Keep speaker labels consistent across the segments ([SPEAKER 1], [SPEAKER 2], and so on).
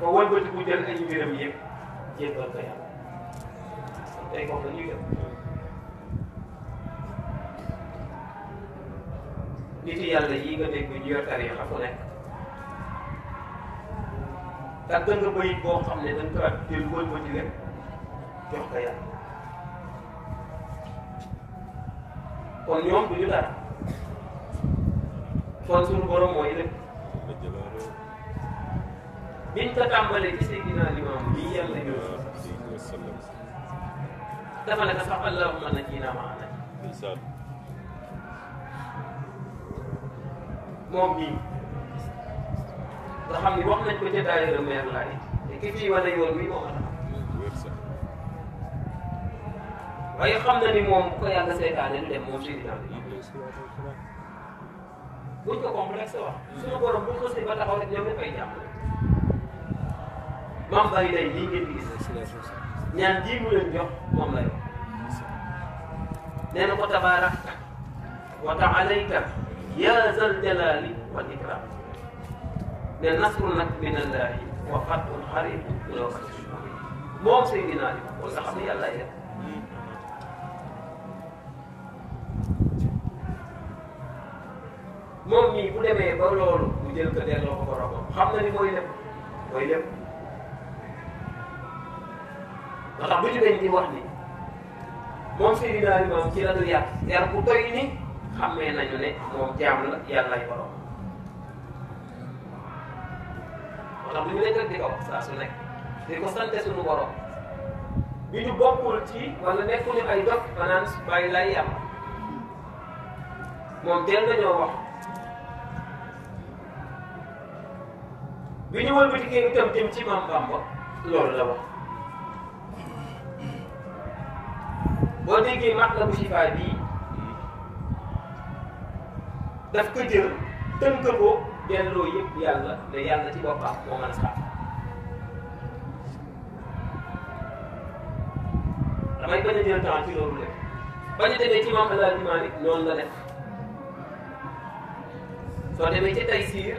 [SPEAKER 1] dafa wëlbati bu jël ay mbiram yëpp jébbal ko yàlla tey moom la ñuy def nit yàlla yi nga dégg ñu yor tariixa fu nekk tàggat nga bayit boo xam ne dañ ko jël wëlbati lépp jox ko yàlla kon ñoom du dara kon suñu borom mooy lépp biñ ko tàmbalee ci Seydina Limaamu lii yàlla ñu dafa ne sax allahumma najjinaa maa naj moom mii nga xam ni wax nañ ko ca daayira meer laay te ki fii wane yoon bi moo tax waaye xam na ni moom bu ko yàgg seytaane du dem moom Seydina buñ ko complexe wax suñu borom buñ ko sëy ba taxaw rek ñoom dafay jàpp mafay day lii ngeen di gis ñaan jii mu leen jox moom la yor nee na ko tabaarakta wa taalayta yaa zal jalaali wal ikram ne nasru nag min allahi wa fatun xarib loo ko moom Seydina Ali kon nga xam ne yàlla yéen moom mii bu demee ba loolu mu jël ko delloo ko boromam xam na ni mooy lépp mooy lépp. moo tax bu jugee di wax ni moom Seydina Limaamu ci la ñu yar yar bu toy ni xamee nañu ne moom jaam la yàllaay borom di ko saa su di ko sante suñu borom bi ñu bokkul ci wala nekkuñu ay dof banaan bàyyi lay yàlla moom teel nañoo wax bi boo déggee matlabu sifaa bii daf ko jël tënk ko delloo yëpp yàlla da yàlla ci boppam moo mën a saafara damay bañ a jël temps ci loolu lépp bañ a demee ci moom El Hadj Malick noonu la def soo demee ci Taysiir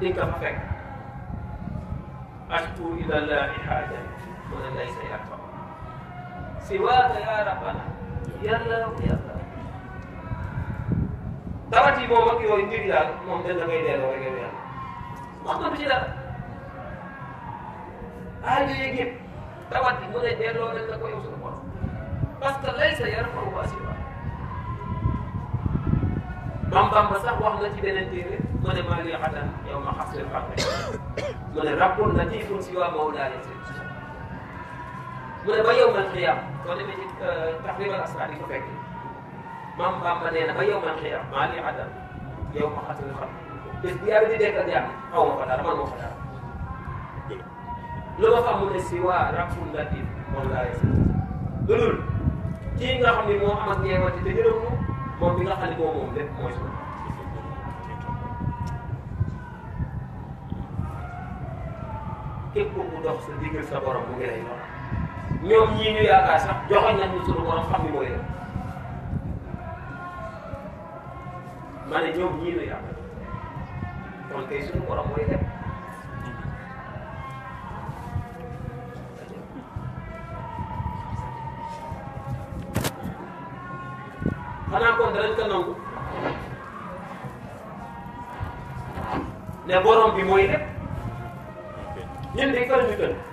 [SPEAKER 1] di nga ko fa fekk ashku ilallaahi xaaja mu ne laysa yarfa siwaaka yaa rabbana yàlla na ko yàlla tawat yi moom ak yooyu mbir daal moom dana koy delloo rek yow yàlla wax nga ci dara aal yéeg yëpp tawat yi mu ne ko yow suñu yaram amu ko assurance. Bamba sax wax na ci beneen téere mu ne maa lii xatan yow ma xas leen fàtte mu ne na ci ful si waa Maodo daal mu a ba yawmal xiyaam soo demee ci euh, taxribal asraar yi ko fekk maam na ba yawmal xiyaam maa li adam yow ma xasul xam bés bu yàlla di dekkal jàmm xaw ma fa dara man ma fa dara lu ma fa mu ne si waa raful latif moom laa yëg lu dul nga xam ni moo am ak ñeewante te yërëm ñu moom bi nga xam ne moom moom lépp ku dox sa digal sa mu ngi lay dox ñoom ñii ñu yaakaar sax joxoñ nañu sunu borom xam ni mooy def ma ne ñoom ñii ñu yaakaar kon kay sunu borom mooy def xanaa kon danañ ko nangu ne borom bi mooy ñun ñu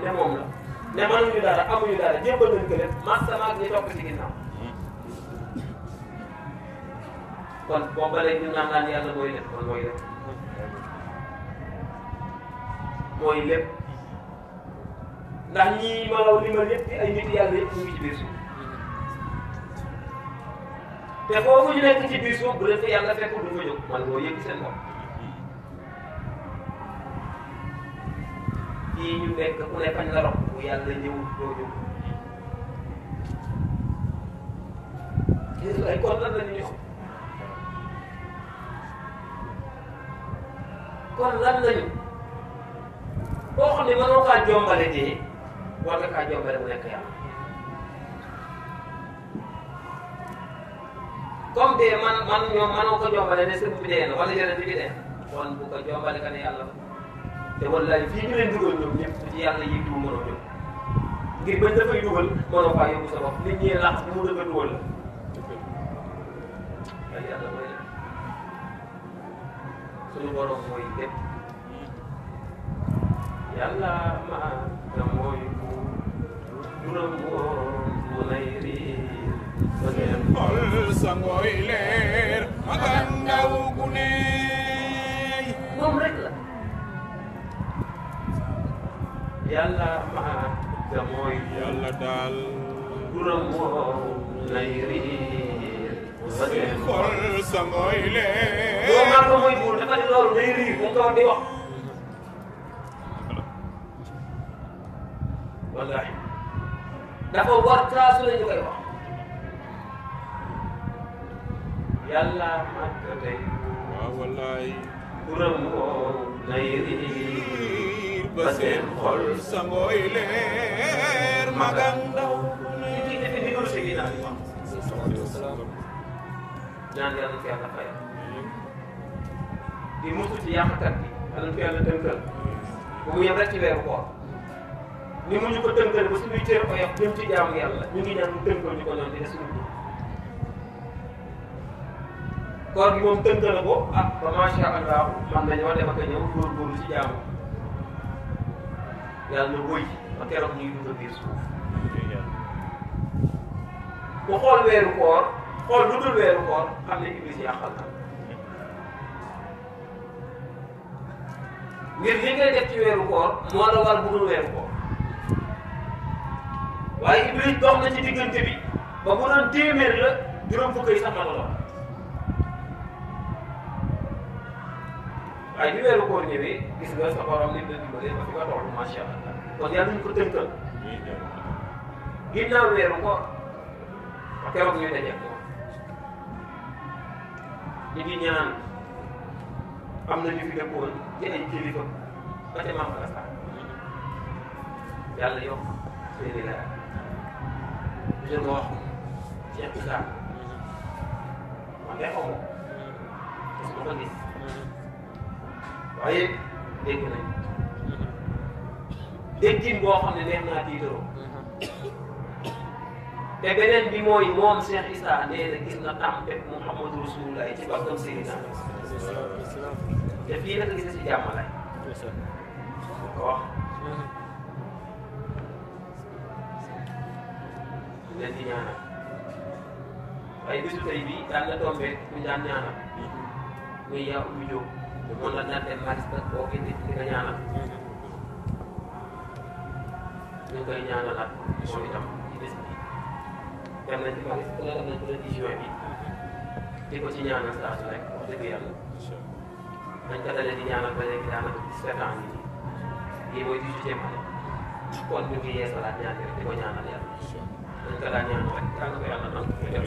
[SPEAKER 1] xam ne moom la ne mënuñu dara amuñu dara jébbal nañ ko lépp masama ak ñi topp ci ginnaaw kon boobu ba léegi ñu naan naan yàlla mooy lépp kon mooy lépp mooy lépp ndax ñii malaw li ma lépp ay nit yàlla yëpp ñu ngi ci biir suuf te foofu ñu nekk ci biir suuf bu leen fi yàlla fekkul du fa jóg man moo yëg kii ñu fekk ku ne fañ la rob bu yàlla ñëwul doo ñëw Jésus kon lan la kon lan lañu boo xam ne mënoo kaa jombale dee war nga kaa jombale mu nekk yàlla comme dee man man ñoom mënoo ne sëñ bi dee na wala yeneen kon bu ko jombale ka ne yàlla te wallahi fii ñu leen dugal ñoom ñëpp ci yàlla yëngu mën a ñëw ngir bañ dafay dugal mënoo faa yóbbu sa bopp nit ñi la. waaye yàlla mooy def suñu borom mooy def yàlla maanaam mooy bu duram woon bu lay rii ba ngeen yàlla maa te mooy daal turam moo lay riir sa sa mooy lee boo maa ko mooy buur dafa ne loolu day riir mu ko di wax wallahi dafa war taasu la ñu koy wax wallahi turam moo lay ba seen xol sa ngooy leer magan daw ñaan yàlla ci yàlla fay di mucc ci yàqkat bi yàlla ci yàlla tënkal bu mu yem rek ci weeru koor ni mu ñu ko tënkal ba suñuy cër ko yàq jëm ci jaamu yàlla ñu ngi ñaan mu tënkal ñu ko noonu di des suñu koor gi moom tënkal ko ah ba macha allah man nañoo dem ak a ñëw góorgóorlu ci jaamu yàlla na wóy ba keroog ñuy dugg biir suuf ku xool weeru koor xool lu dul weeru koor xam ne iblis yàqal na ngir li ngay def ci weeru koor moo la war bu dul koor waaye iblis dox na ci diggante bi ba bu doon téeméer la juróom fukk yi sax na waaye bi weeru koor ñëwee gis nga sa borom nit la dimbalee ba fi nga toll macha allah kon yàlla nañu ko tënkal. ginnaaw weeru koor keroog ñu daje ko ñu ngi ñaan am na ñu fi dëkkoon ci ay kilifa ba ca Maam Alassane yàlla yokk seeni la jël nga wax ko Cheikh Issa mm-hmm. man de xaw ma parce mm-hmm. que ko gis mm-hmm. ndax yëpp dégg nañ déggin boo xam ne neex naa tiitaroo mm-hmm. te beneen bi mooy moom Cheikh Issa nee na gis na tàmpe Mouhamadou Rasulullah ci bàqam Seydina te fii naka gis si jàmmalay ko mm-hmm. di ñaanal waaye bisu tey bii daan la tombé ku daan ñaanal mm-hmm. noonu la nar dem xaalis ba boo génnee di nga ñaanal ñu koy ñaanalaat moom itam ci bés bi dem nañ ci Paris leer nañ ko le 10 juin bi di ko ci ñaanal saa su nekk wax dëgg yàlla dañ ko dalee di ñaanal ba léegi daanaka 17 ans ngi nii lii mooy 18e année kon ñu ngi yeesalaat ñaan bi rek di ko ñaanal yàlla dañ ko daan ñaanal rek tànn ko yàlla nangu ko dem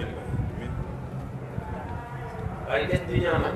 [SPEAKER 1] waaye des di ñaanal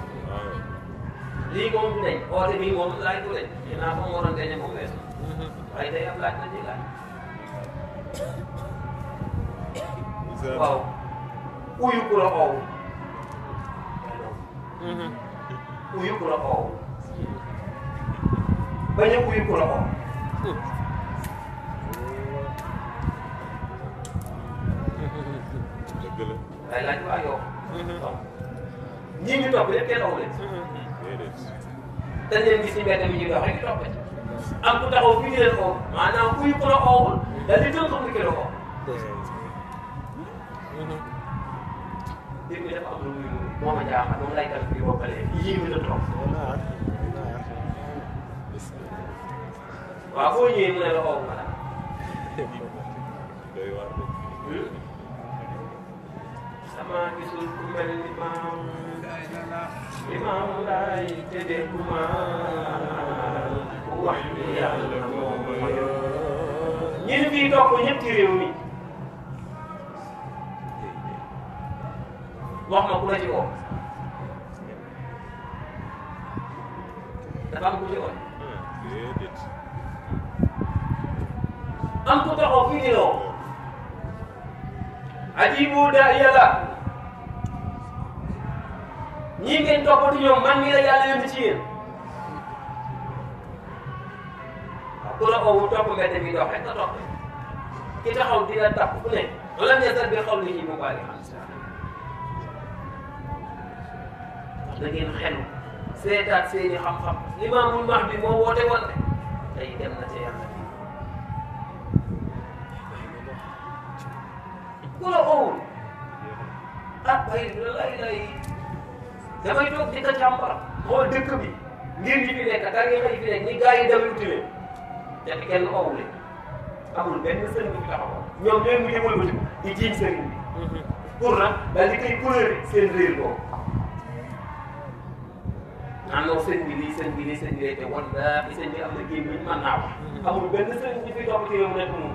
[SPEAKER 1] lii moom du deñ oote bii moom laaj du deñ ginnaaw ba mu waroon gañe moom wees na waaye day am laaj uyu ku la oow uyu ku la oow bañ a uyu ku la oow waaye laaj waa yoo ñii ñu topp yëpp kenn dañ leen gis ñu mbedd mi ñu dox rek topp ci am ku taxaw ku ñu leen oo maanaam kuy ku la oowul dañ di tënk pour ki la ko mbir mi dafa am lu muy moom a jaaxal moom lay def bi boppale yii mi la toog
[SPEAKER 2] waaw boo ñëwee mu ne la oowul ma la
[SPEAKER 1] hmm? sama gisul ku mel ni maam بمولاي تدكما wax ni ñii ngeen toppatu ñoom man mii la yàlla yónni ci yéen topp mbedd bi dox rek nga topp ki taxaw di la tàpp ku ne wala ñetteel bi xaw nañu mu baale wax na ngeen xelu seetaat seeni xam-xam limaamul max bi moo woote woon de tey dem na ca yàlla ku la ah, damay toog di ko jàmbar xool dëkk bi ngir yi fi nekk tariixa yi fi nekk ni gars yi demee utiwee te kenn oowu leen amul benn sëriñ bu fi taxawoon ñoom ñooy mujj wëlbati di jiiñ sëriñ bi. pour nag daal di koy couleur seen réer boobu. naan noo sëñ bi lii sëñ bi lii sëñ bi lay te wallaahi sëñ bi am na génn mën naa wax. amul benn sëriñ bi fi dox ci réew nekk moom.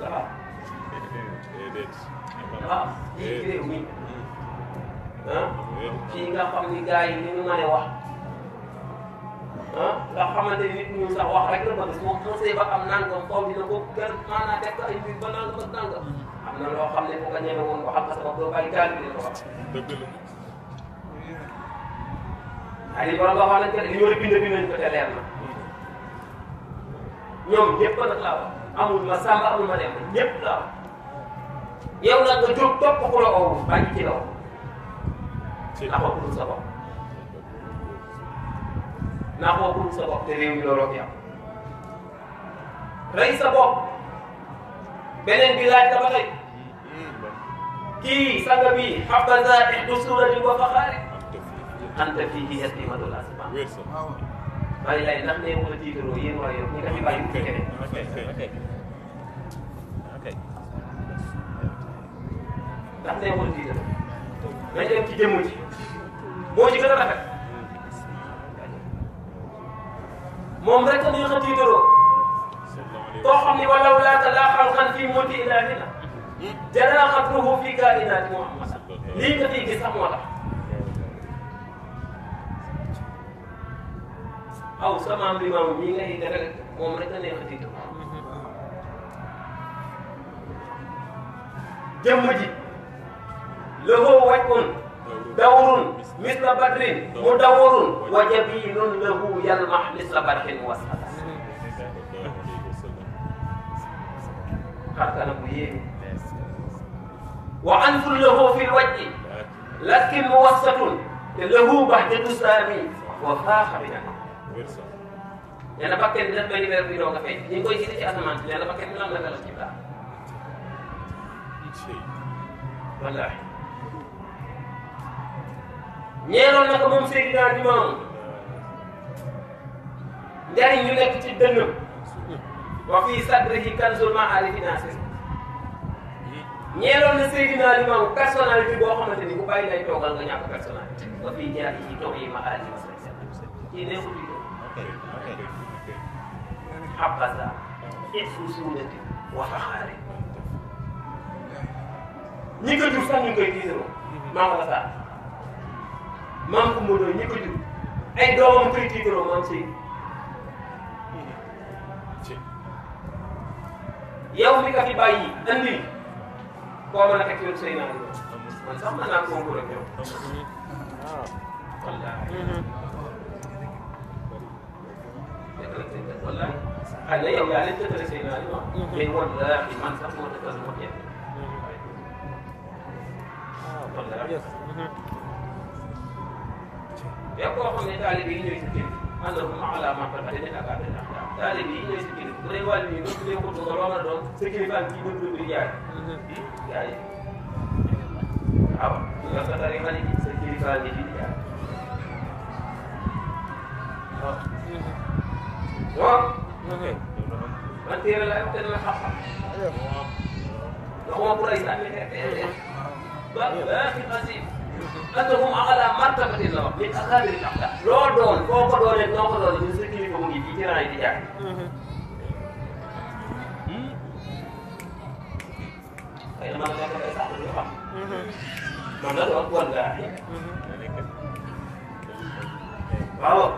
[SPEAKER 1] ça va. déedéet. waaw lii réew mi. ah fii nga xam ni gars yi ni ñu mën a wax ah nga xamante ni nit ñi sax wax rek la bëgg moom mosee ba am nangam xaw dina ko kenn maanaam def ko ay mbir ba nangam ak nangam am na loo xam ne bu ko ñeme woon ko xam nga sama doo bàyyi gaal bi la ko wax. dëgg la. Aliou borom waxoon nañu ko ñoo bind bind nañu ko te leer na ñoom ñëpp nag laa wax amul ma sàmba amul ma dem ñëpp laa wax yow nag nga jóg topp ku la oowul bàyyi ci la wax. làqoo ku dul sa bopp làqoo ku dul sa bopp te réew mi looloo fi am rey sa bopp beneen bi laaj la ba tey kii sanga bi xabba zaati du suurati wa faxaari anta fii yatimatul asma ah, bàyyi lay ndax nee ma tiitaroo yéen waa yow ñu dafa bàyyi bu keneen ndax nee ma tiitaroo nañ dem ci jëmm ji moo ci gën a rafet moom rek ni nga tiitaroo koo xam ni walaw laa talaa xan fii mulki ilaatina jalaa xatruhu fii kaa'inaati muhammad lii nga fii gis sax moo tax aw sama bi maam mii ngay defal moom rek la neex a tiitu jëmm ji la ko waj woon دور مثل بدر مدور وجبين له يلمح مثل برح وسط حتى وعنف له في الوجه lakin موسط له بهجة سامي وفاخ بنا yàlla bakkee dina benn weer bi doog a fay ñu koy gis ci asamaan si la la ci ñeeloon na ko moom Seydina Limaamu njariñ ñu nekk ci dënnam wa fii sadrihi kanzul ma'aarifin naasir ñeeloon na Seydina Limaamu personnalité boo xamante ni ku bàyyi lay toogal nga ñàkk personnalité wa fii jaarihi taw yi ma aali ma sa kii nekkul di habaza ifu suunati wa faxaari ñi ko jur sax ñu ngi koy diisoo maa maam ko mu doy ñi ko jur ay doomam koy tiitaroo maam sëy yow mi ka fi bàyyi andi koo mën a teg yoon sëy naa man sax mën naa concours ak yow wallahi xëy na bépp ya, koo xam ne taalib yi kalau sikkin àndahum ala martabatin min akabiril axdaam taalib yi ñooy sikkin bu dee wàll yi ñoom bu dee xutba nga loo mën a doon sa kilifaam kii ñoom ñoom di jaay jaay waaw nga sa tarixa ni ni di jaay waaw waaw man téere laa te dama xam ba
[SPEAKER 2] antum ala martabatin la wax min
[SPEAKER 1] akabiril aqdar loo doon foo ko doonee noo ko doonee ñun suñu kilifa mu ngi fii ci raay di jaar xëy na man nekk na sax lu xam man la doon wan gaa waaw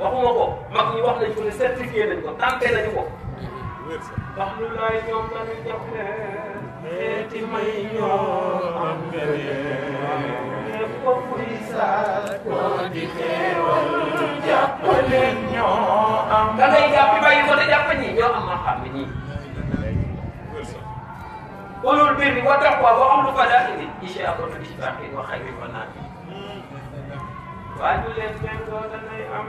[SPEAKER 1] waxuma ko mag ñi wax nañ ko ne certifié nañ ko tàmpee nañu ko wax ñu laay ñoom la ñu jox meeti may ñoo am ngëneel képp kuy sàkkoo di xéewal jàpp leen ñoo am da ngay jàpp bàyyi ko te jàpp ñi ñoo am xam ne ñii ulul bir bi wa taqwa wa amru fadaili incha allah di ci baaxee wa xayri wa naat waaju leen benn doo danay am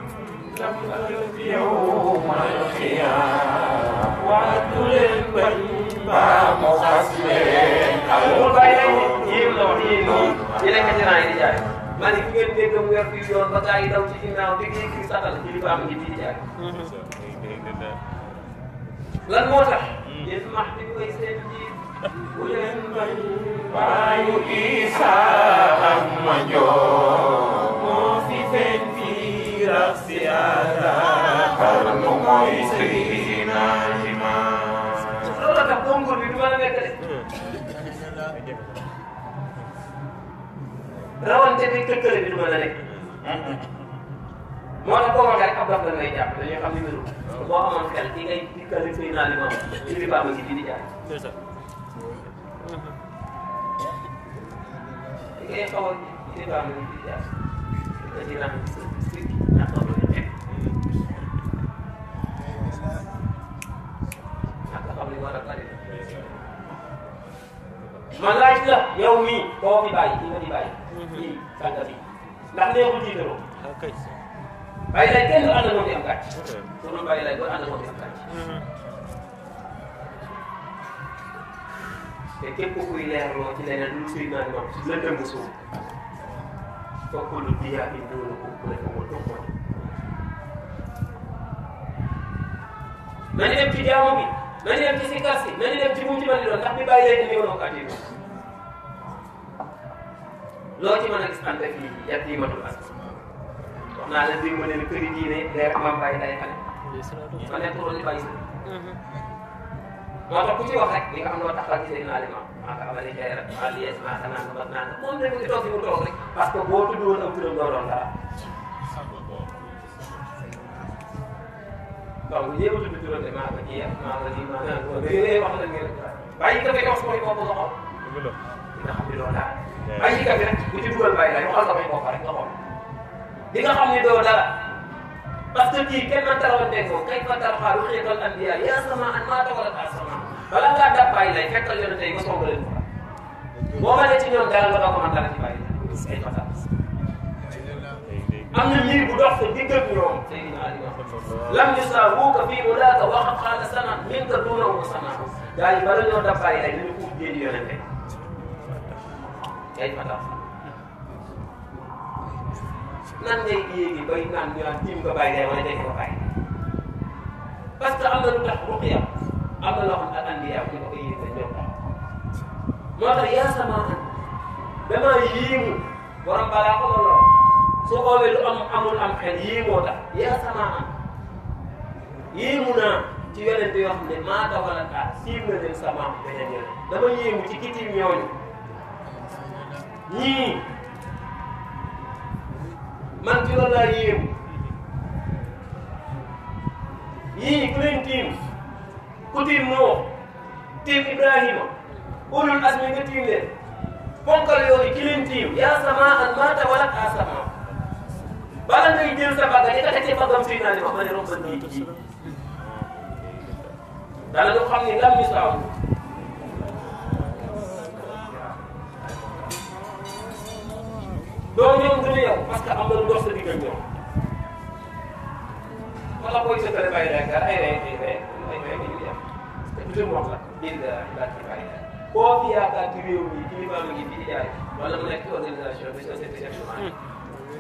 [SPEAKER 1] ndam ëllëg yow mal xiyaam waaju leen bañ Vamos a Sibéen. bàyyi leen yéem la wax yéen ñii ñu nekk ci rang yi di jaay. maa fi yoon ba gaa daw ci ginnaaw dégg yi kii satal ci li fa am ngi di jaay. lan moo tax. yéen max bi koy seen jiit. bu leen bañ. baayu isa am ma joo. moo fi feeñ si àll. ka bongo ni duwana me rawan te ni ni duwana ne moo tax boo waxee rek ab dox la ngay jàpp dañuy xam ni mbiru boo amoon xel ki ngay dikkal rek naa li di jaar ki ngay xaw di jaar war a bari man laaj la yow mii boo fi bàyyi di di bàyyi. lii sànq bi ndax neexul jiitaloo. bàyyi lay kenn du ànd moom di am gàcc. sunu bàyyi lay doo ànd moom di am gàcc. te képp kuy leerloo ci leneen lu suy naan moom ci lëndëm suuf fokkul biyaa bi doonu ko ku nañu dem ci si kàss yi nañu dem ci bu mu ci mën di doon ndax loo ci mën a gis ànd ak yi naa la démb ne këri diine day rek maam bàyyi day xale ma nekk loolu li bàyyi moo tax ku ci wax rek li nga xam ne naa leen maa ko amalee xëy na maa lii yées maa sama nangam ak nangam moom tamit mu ngi toog fi mu toog rek parce que boo tudd woon am turam doo waaw bu jéem a tudd juróom de maa ko kii maa ko kii maa naan ko dañu lay wax la ngeen bàyyi ka fekk wax mooy boobu nga xool nga xam ne doo dara bàyyi ka bi rek bu ci dugal bàyyi laay waxal sa may bopp rek nga xool di nga xam ne doo dara parce que kii kenn man tarawanteeg moom kay fa tarxaa lu xeetal anbiya yaa sama an maa tawalat asama balaa ngaa dab bàyyi lay fekkal yonente yi nga soog leen ko boo ma ne ci ñoom dara nga doo ko man dara ci bàyyi lay ay fatal am na liir bu dox sa diggag ñoom lam yusaabuuka fii ulaaka wa qad xaala sana minka duunahu sana gars yi bala ñoo dabbaay ay nañu ko jéem yonente kay fa tax nan ngay yéegi bay naan ñu naan tiim nga bàyyi day wala dégg nga bàyyi parce que am na lu tax ruqya am na loo xam ak andi yaa ko ñu ko yéeg dañ ñoo tax moo tax yaa sama an damaa yéemu borom balaa ko loolu su oowee lu am amul am xel yii moo tax yaa sama am yéemu naa ci yonent yoo xam ne maa dawalaka siiw na leen sama am beneen yoon dama yéemu ci kitim ñooñu ñii man ci loolu laa yéemu yii ku leen tiim ku tiim moo tiim Ibrahima ulul azmi nga tiim leen ponkal yooyu ki leen tiim yaa sama an maa dawalaka sama bala ngay jël sa bagga yi nga teg ci baggam suy naa ne wax ma ne rombal nii ji dana du xam ne lam mi saaw doo ñoom du yow parce que am na lu dox sa digg ak ñoom wala koy sëkkale bàyyi rek ay rey ay rey ay rey nga ñu def te toujours wax la bind laa ci bàyyi rek koo fi yaakaar ci réew mi kilifa mi ngi fi di jaay wala mu nekk ci organisation bi société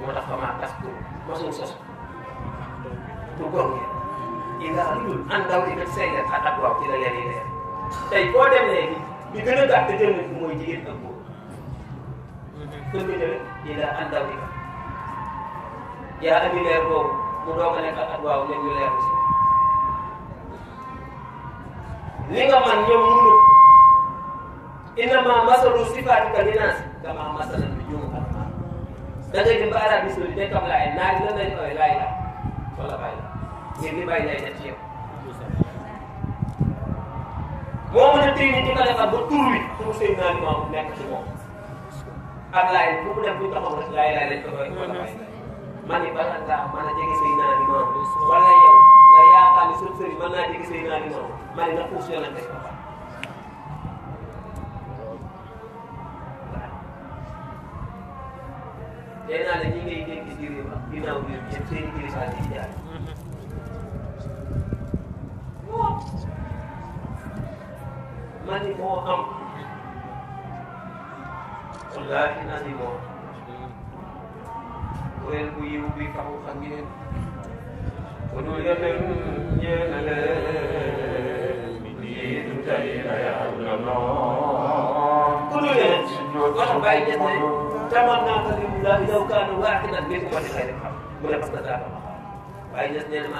[SPEAKER 1] moo tax xamaa tas sos du gonge ila lul an daw li kat sey ak ak waaw ci la leen leer tey boo dem léegi bi gën a gàtt jënd ko mooy jigéen ak góor kër bi tamit ila an daw li yaa ami leer boobu mu doog a nekk da ngay dem ba Arabie Saoudite day toog laay naaj lan lañ koy laay la wala bàyyi la ngir li bàyyi lay def ci yow. moo mën a téye nit ñi ko defar ba tur wi pour seen naan moom nekk ci moom ak laay bu mu dem bu taxaw rek laay laay lañ ko doy wala bàyyi la man ni bala ngaa mën a jege say naan moom wala yow nga yaakaar ni sëriñ sëriñ mën naa jege say naan moom man ni na puus yonante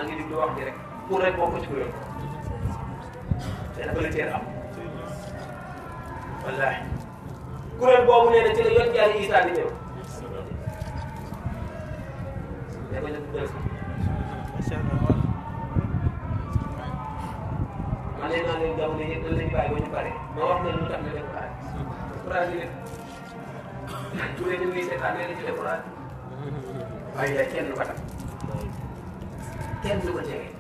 [SPEAKER 1] nga déglu wax ji rek pour rek bokk ci kuréel te dafa la teel am wallaahi kuréel boobu nee na ci la yoon jaari Isaa di ñëw da ko jot dëgg man de naa leen gàmm ne yëpp dañ leen bàyyi ba ñu pare ma wax na lu tax na def pare courage bi rek bu dee ñu ngi seetaan ne la ci def courage waaye yaay kenn ba tax kenn du ko jege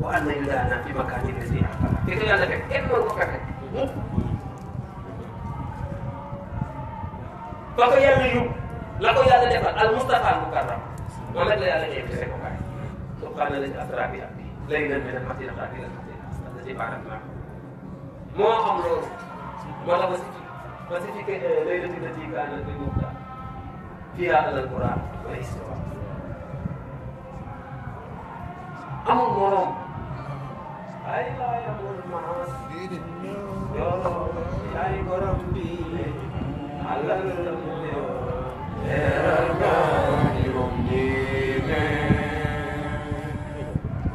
[SPEAKER 1] wa an nañu daan naan fi makaanin lati ahsanaa fi ko yàlla fekk kenn mënu ko fexe ba ko yàlla yóbbu la ko yàlla defal al Mustafa al Mukarram moom rek la yàlla invité ko kaay subhaana lazi asraa bi abdihi laylan min al masjidi al haram ila al masjidi al aqsa allazi baraknaa moo xam loolu moo la wasifi wasifi laylati lati kaanat lil muxtaar fiihaa alal Qur'aan wal istiwaa amul ay laa yamul maas yoo yaay borom bi la mu leeral nga juróom diine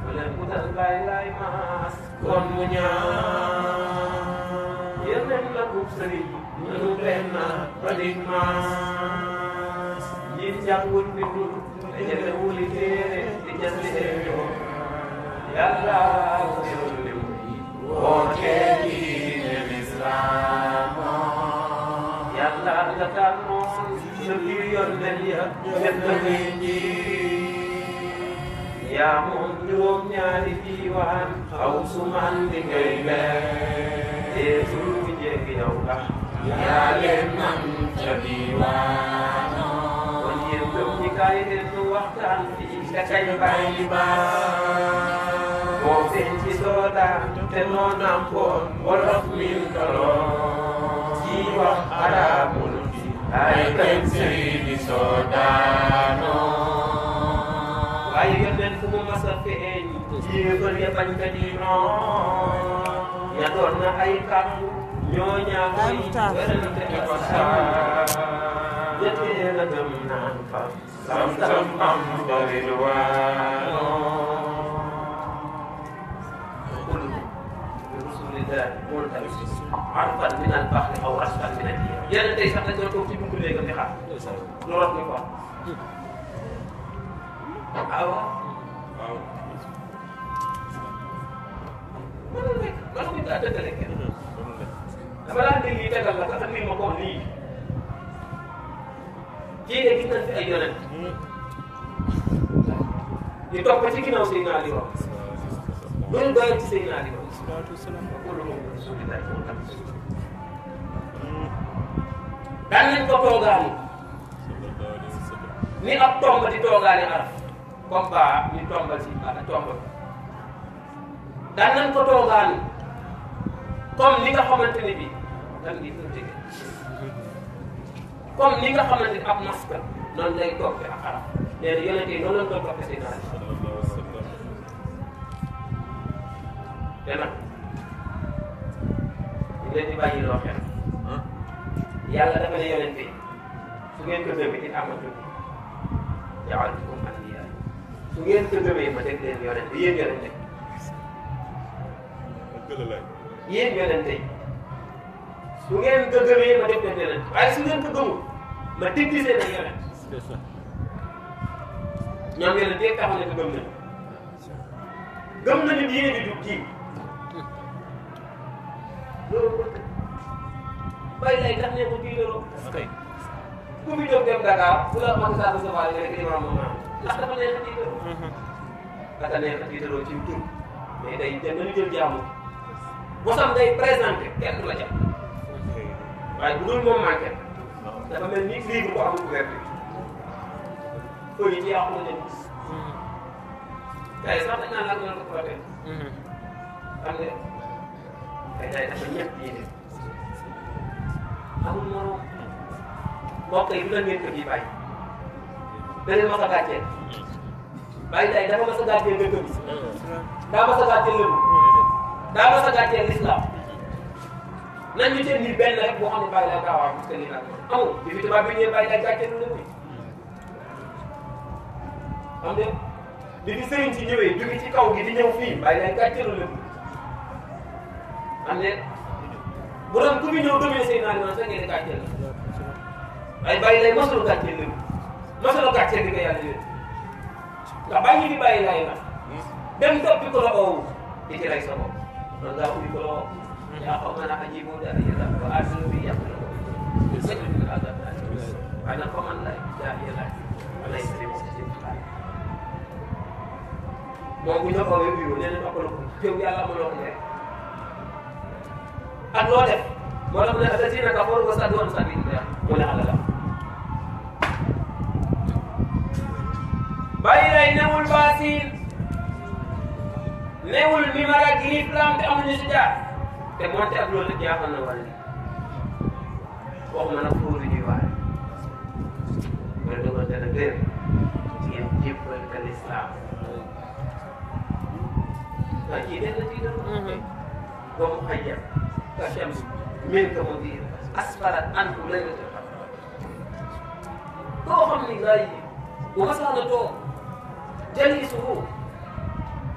[SPEAKER 1] ku leen utal bay maas kon mu ñaan yeneen la gub sëriñ mënu benn ba dig maas ñi jàngul bindul te jëfe wuli téere di jëf li seen yoon yaa moom juróom ñaari diiwaan xaw su man di ngay leer dee suñu jéggi yow la yaa leen man ca diiwaanoo kon yéen ñi kaay leen nu waxtaan fii te kay bàyyi baa sëñ ci sooda te noon am boon wolof min toloo ci wax arabul bi ay kañ sëriñ di soodaanoo waaye yónneen fu mu mas a feeñ yéefal ya bañ ka di noon ñatoon na ay kàddu ñoo ñaa koy wérante ak saa jëtee la gëm naan fa sam sam am ba tamit arfan min al baxri aw asfal min al biir yeneen tey sax dañ doon toog ci buntu néegam di xaar lu rot muy xool ah waaw mënul nekk man mi daa dëggale kenn dama laa ndil lii tegal la nga andil ma ko lii kii de gis nañ fi ay yonent di topp ci ginnaaw Seydina Ali wax loolu doyal salaatu wa salaam. daan nañ ko toogaani. ni ab tomb di toogaani araf. comme ba ñu tombal si ba tomb daan nañ ko toogaani comme ni nga xamante ni bii lan ngi doon dégg comme ni nga xamante ni ab masque noonu lay toppee ak araf mais yonente yi noonu lañ doon toppee seen araf. te nag ñu leen di bàyyi loo xel yàlla dafa ne yonent bi su ngeen ko gëmee di amatu ja'altukum anbiya su ngeen ko gëmee ma dégg leen yonent bi yéen yonent yi yéen yonent yi su ngeen ko gëmee ma dégg leen yonent waaye su ngeen ko gëmul ma dégg leen ay yonent ñoom yonent yi taxaw ne ko di loolu bëgg bay lay tax ne ko kii yoroo. ku mu jóg dem Dakar bu la nga nekk imam moom ndax dafa neex a tiitaroo. dafa neex a tiitaroo ci tur mais day dem nañu jël jaamu bosam day présenté kenn du la jàpp waaye bu dul moom manqué dafa mel ni livre bu amul couverture feuille yi ci yàqu nañ leen gis. gars yi sax dañ naan laaj day day dafa ñàkk diine amul morom mbokk yi lu doon ngeen ko ciy bàyyi beneen ma sa gàccee bàyyi day dafa ma sa gàccee dëkk bi daa ma sa gàccee lëbu daa ma sa gàccee lislaam nañ ñu teel nii benn rek boo xam ne bàyyi day gaawaa parce que nii nag amul bi fi tubaab bi ñëwee bàyyi day gàccee lu lëbu xam nga bi fi sëriñ si ñëwee jóge ci kaw gi di ñëw fii bàyyi day gàccee lu am leen bu doon ku fi ñëw gëmee say naan naan sax ngeen gàcceel la waaye bàyyi lay masalu gàcceel la masalu gàcceel di ko yàlla yéen ndax bàyyi bi bàyyi lay la dem topp ko la oowu di ci lay sa bopp loolu daa ubbi ko la oowu yaa xaw ma naa ajibu daal yàlla ba àdduna bi yàq na ko sëñ adab waaye nag fa man lay daa yàlla lay sëriñ moom ci moo bu ñoo xawee biyu nee nañ wax ko الولد ولقد الذين كفروا وصدوا عن سبيل الله ولا على لا bayira newul basil newul mi mara giri plan te amuñu si jaar te monte ak loolu jaaxal na wàll waxuma nag pour ñuy waare wala dogal dana gër jigéen jéppal ka lislaam waaw jii den la tiital comme xajjal الشمس منك مدير أسفلت عنه ليلة القدر هو خمني غاية ومسألة تو جليسه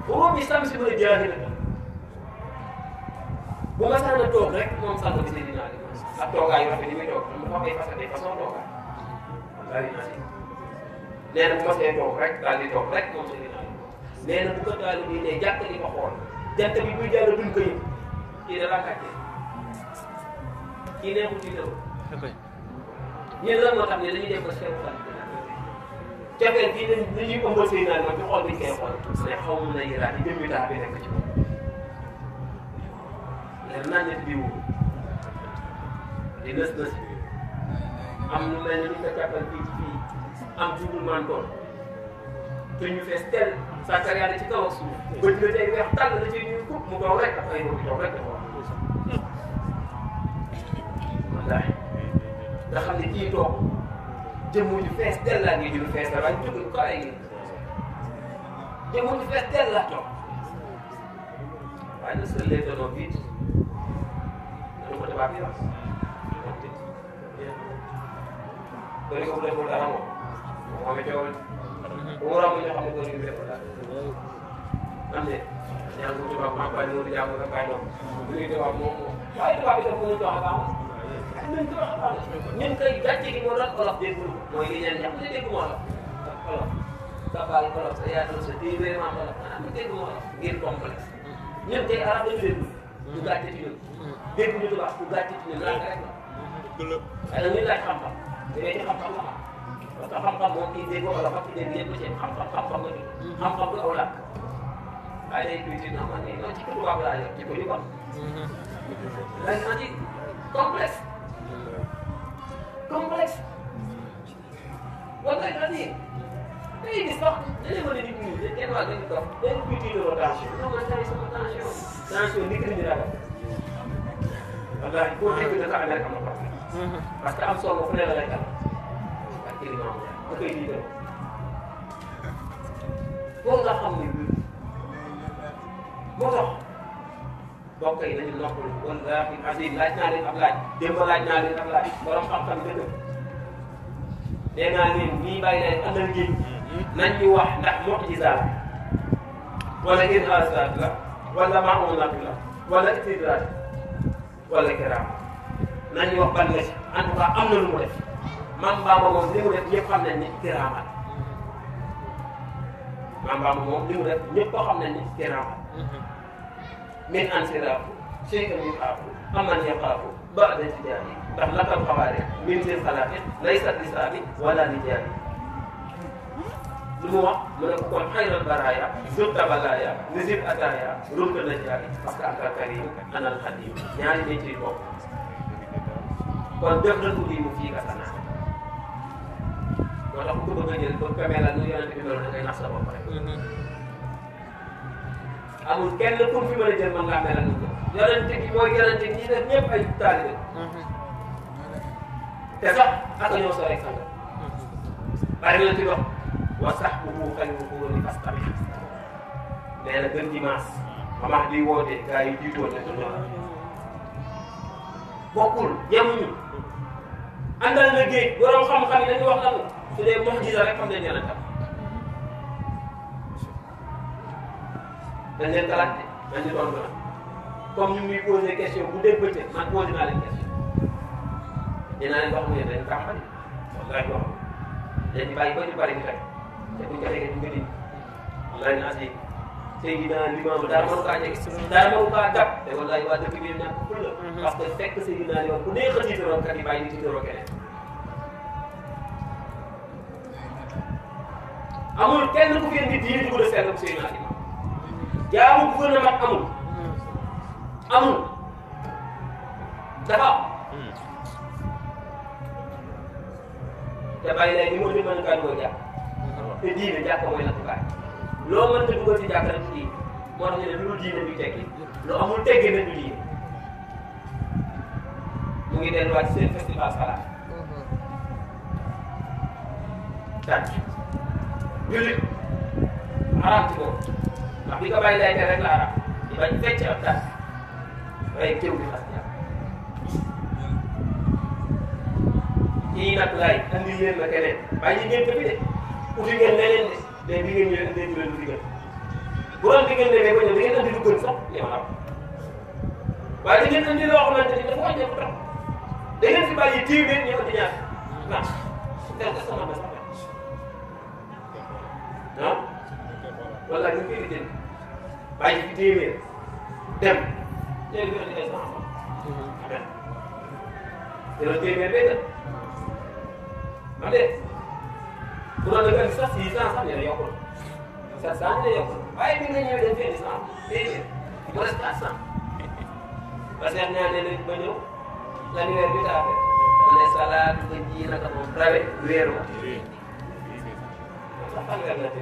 [SPEAKER 1] غروب الشمس من جاهلة bu di bu ma see toog rek daal di toog rek moom sa dinaa li bu ko daal di ne jàkk li ma xool jant bi buy jàll duñ ko yëg kii da laa kii neexul ci taw. ñun lan moo tax ne dañuy def ba seen fan. cofeel kii dañ dañuy ëmbal seen naan ma ci xool bi ñu koy xool. mais xaw ma na yëlaat yi jëmmi taa bi nekk ci moom. leer naa ñett bii wóor di nës nës bi am lu mel ni lu ñu ko jàppal fii ci fii am jubul mantoon te ñu fees tel sàkkar yàlla ci kaw ak suuf. bëj nga tey weex tàll la ci ñuy kub mu kaw rek dafay doon toog rek dafa nga xam ne kii toog jëmm ju fees dell laa ngay jël fees la waaye jógul ko ay jëmm ju fees dell laa toog waaye nag sa lee danoo biit dana ko damaa fi wax
[SPEAKER 2] bëri ko bu deful dara moom moo xamee coowal
[SPEAKER 1] bu mu romb ñoo xam ne bëri bu deful dara am de ñaan ko tubaab maa bàyyi mu jàmm nga bàyyi noonu bu ñuy tubaab moom moom waaye tubaab bi dafa mën a joxe baax ñun kay gàcce gi moo doon olof dégg mooy li ñu leen di dégg moo olof olof Kapaal olof sa sa téye vraiment olof ah, maanaam dégg moo olof ngir complexe ñun kay arab dañu dégg du gàcce ci ñun dégg ñu tubaab ci ñun làkk rek la waaye nag ñu laaj xam-xam demee ci xam-xam la parce que xam-xam moom kii dégg olof ak ki dégg yëpp ci xam ci tubaab ci ko ñu kon mm-hmm. lan ma ci complexe wala dañu naan day gis sax dañu mën a nit ñi dañu kenn waa dañu toog dañu koy tiitaloo tension non man tey sama tension tension nit ñi dara wallaahi boo déggee dafa amee rek am na problème. parce que am solo fu ne la lay dal ak kii bi da koy tiital boo nga xam ne moo tax. donc yi nañu noppalu wallaahi azim laaj naa leen ab laaj démb laaj naa leen ab laaj borom xam-xam dëgg nee naa leen nii bàyyi leen andal ngeen nañ ñu wax ndax mucjisaat wala irhaasaat la wala maamunaat la wala istidraaj wala kiraama nañ ñu wax ban la ci en tout cas am na lu mu def maam Bamba moom li mu def ñëpp xam nañ ni kiraama maam Bamba moom li mu def ñëpp ko xam nañ ni kiraama min an siraafu shay'an yuqaafu amman yaqaafu ba'da tijaani ndax lakal xawaare min seen xalaati laysa lisaani wala lijaani mu wax kon xayral baraaya zurta balaaya nisib ataaya rulka najaari parce que antal karim anal xadim ñaari dañ ciy kon def nañ mu fii katanaa moo tax amul kenn ku fi mën a jël mën ngaa melal na ko yonente gi mooy yonente ñi def ñëpp ay taalibe te sax ak ñoo sore ak sanga bari na ci dox wa sax bu mu xëy mu ko ni fas tamit nee na gën dimanche mamax di woote gars yi jiitoon ne suñu bokkul yemuñu àndal nga ni borom xam-xam yi dañuy wax lan su dee moom gisa rek xam nañ dañ leen xalaat de dañ leen tontu la comme ñu muy posé question bu dégg bëccëg man posé naa leen question dinaa leen wax mu ne dañu tàmbali wallaahi wax dañu bàyyi ba ñu bari ñu fekk te buñ ko fekkee duñ ko dindi wallaahi naa si tey jii dana limaam dara mënu kaa jege dara mënu kaa gàpp te wallaahi waa dëkk bi ñàkk ful la mhm. parce que fekk sëy bi naa yoon ku nekk a tiitaroo kat yi bàyyi di tiitaroo keneen amul kenn ku ngeen di diir di ko def fekk bu sëy naa jaamu bu gën a mag amul hmm. amul dafa am hmm. te bàyyi lay ni moo di mën a kan mooy jàkk hmm. te diine jàkk mooy la ko bàyyi loo mën te dugal ci jàkk rek ci moo tax ñu ne lu diine du teggi lu amul teggi na du diine mu ngi delluwaat seen festival Fala. tànk jullit araam ci ko ndax li ko bàyyi lay tere rek la arab di bañ fecc ab daal waaye kéw di xas ñaar kii nag laay andi leen la keneen bàyyi ngeen ko fi de uti ngeen leneen de mais bi ngeen ñëwee andi leen lu digal bu doon digal ne ko ñëw da ngeen andi lu gën sax li ma xam waaye da ngeen andi loo xamante ni dafa wàññeeku trop da ngeen fi bàyyi tiir ngeen ñëw andi ñaar ndax tel que sama ba sax ah wala ñu koy lijjanti bàyyi fi téeméer dem léegi ñu indi ay cent franc. amen dina téeméer béykat ma de bu doon def ay sax six cent sax dina yokku la sept cent dina yokku la waaye bi nga ñëwee dañ fee di cent téeméer mu des quatre cent parce que ñaan ne ba ñëw l'annuaire bi taa fekk mu ne salade nga ji naka moom rawe weeru. sax tàngal na ci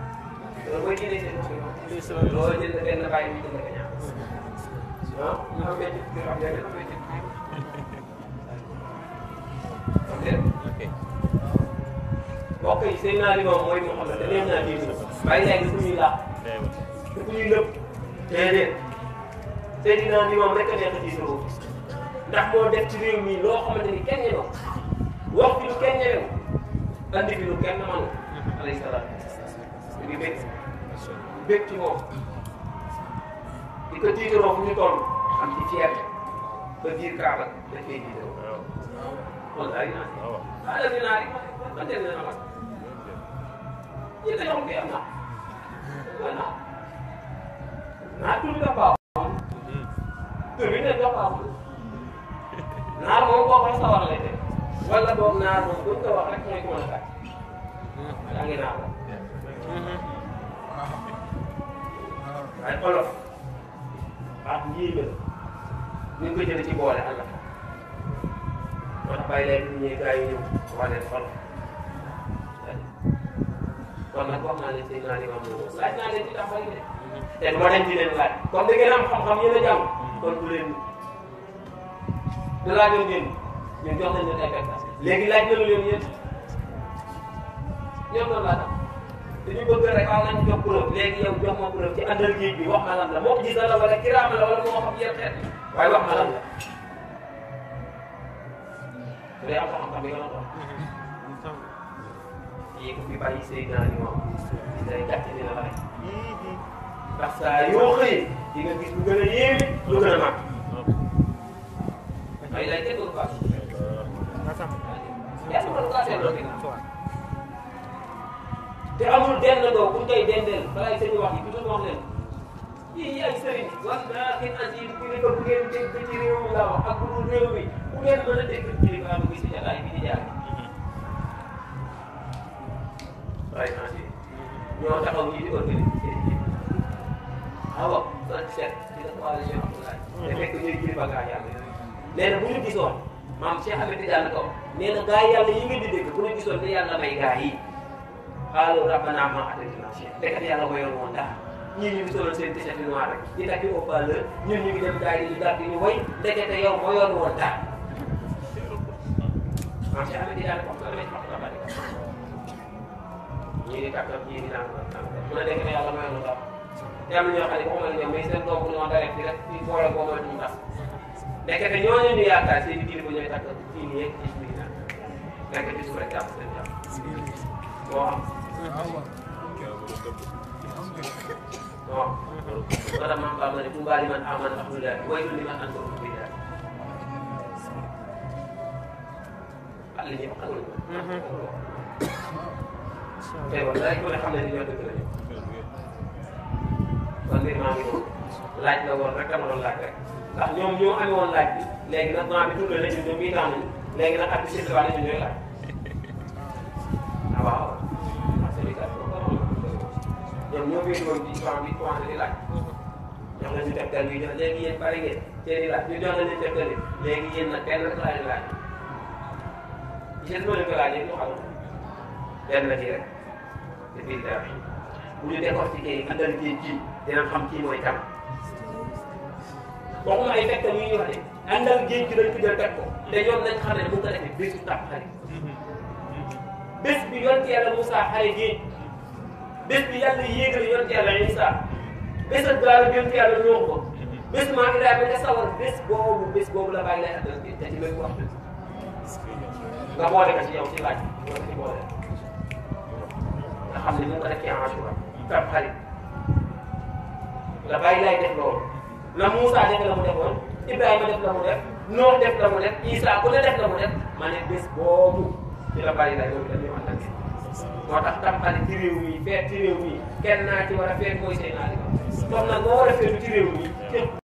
[SPEAKER 1] loolu mooy diine si loolu jënd benn bàyyi bi jënd ko ñaar ah ñu xam métti ñu xam jafe xam métti mbokk yi seen naari moom mooy Muhammad da neex naa diine bàyyi lay ku ñuy laax ku ñuy lëpp déedéet seen dinaa ni moom rek a neex a diine boobu ndax moo def ci réew mi loo xamante ni kenn ñëw wax fi lu kenn ñëw andi fi lu kenn mënu alayhi salaam ñu ngi bëgg bég ci moom di ko tiitaroo fu ñu toll am ci fierté ba biir kaaba dañ koy tiitaroo. kon daal dinaa si. waaw daal dinaa rek man dégg naa la. ñi ko joxul kii am naa. waaw naa naa tudd nga baaxul. tur bi nga jox baaxul. naar moom boo xam sawar lay def. wala boog naar moom buñ ko wax rek mooy ko mën a tàkk. daa ngi naar la. waaye olof baat yéeme la ñu ngi ko jëlee ci boole àll ba tax bàyyi leen ñi gars yi ñëw wax leen olof kon nag wax naa leen si naa leen wax laaj naa leen ci tax bari de te duma leen di leen laaj comme da ngeen am xam-xam yéen a jàng kon du leen du laajoon ngeen ñun jox nañ leen ay fekk léegi laaj nañu leen yéen ñoom loolu laa tax bu ñu bëgg rek waaw nañ jox preuve léegi yow jox ma preuve ci àndal géej bi wax ma la moo ko gisal la wala kiraama la wala moo xam yan xeet waaye wax la am xam-xam yoon fi bàyyi say yi moom di day gàcce la ndax saa yoo di iya, nga gis lu gën a yéeme lu gën a mag ay lay tegul quoi. Yàlla mën ngaa te amul dendandoo buñ koy dendeel balaa seen wax yi toujours wax leen yii ay sëriñ wax naa kenn as yi ku nekk bu ngeen dégg ci réew mi laa wax ak bu dul réew mi bu ngeen mën a dégg ci réew mi si jataay bi di jaar waaye as yi ñoo taxaw ñii di organiser awa ah sant Cheikh di la wàllu Cheikh Abdoulaye mm-hmm. te fekk ñuy kilifa gaa yàlla nee na bu ñu gisoon maam Cheikh Ahmed Tidiane ko nee na gaa yàlla yi ngeen di dégg bu ñu gisoon ne yàlla may gaa yi xaaral rabbana ma adrikna fekk yàlla ko yor woon dara ñii ñu ngi solo seen t-shirt noir rek di takki haut-parleur ñun ñu ngi dem daal di daal di ñu woy ndekete yow moo yor woon dara. macha allah di daal di wax nga demee ci waxtu ba ñii di kàttan ñii di naan mu ne ndekete yàlla moo yor woon dara te am na ñoo xam ne waxuma la ñoom mais seen doom bu ñu rek di rek di boole boo mën ñu mbas ndekete ñooñu ñu yaakaar seen biir bu ñooy takk fii nii yegg ci biir naan ndekete su rek jàpp seen jàpp moo xam. Kata mampu amani kumbali aman abdullah Wa itu liman antum billah Alihi akal Eh wallahi ko xam ne ñoo dëgg lañu Kon mbir maa ngi noonu laaj la woon rek dama doon laaj rek ndax ñoom ñoo amee woon ñoom ñoo féete woon ci camp bi commencé di laaj. jox leen ñu tegtal bi jox léegi yéen bari ngeen seen i laaj ñu jox leen ñu tegtal bi léegi yéen nag benn rek laa leen laaj. yéen boo leen ko laajee ñu xam benn la ci rek te biir dara bu ñu décortiquer andal kii kii dinañ xam kii mooy kan. waxuma ay tegtal yu ñuy wax de. àndal géej gi dañ ko jël teg ko te ñoom nañ xam ne bu ko defee bésu tàq xarit bés bi yonent yàlla Moussa xare géej Biz dünyanın yiyegir yönetiyorlar İsa. Biz de dünyanın yönetiyorlar yok. Biz mangiler yapınca sallan. Biz gomu, biz gomu la bagla yapıyoruz. Biz de böyle yapıyoruz. Na bola kaçı yavrum şey var. Alhamdulillah kadar ki aşura. Tam hali. La bagla def lo. La Musa def la mu defoon. Ibrahima def la mu def. Nuh def la mu def. Isa ku ne def la mu def. Ma ne bés boobu ci la bagla yooyu la ñuy waxtaan moo tax tamxarit ci réew mi feet kenn naa ci war a feet mooy Seydina Limaamu Laye kon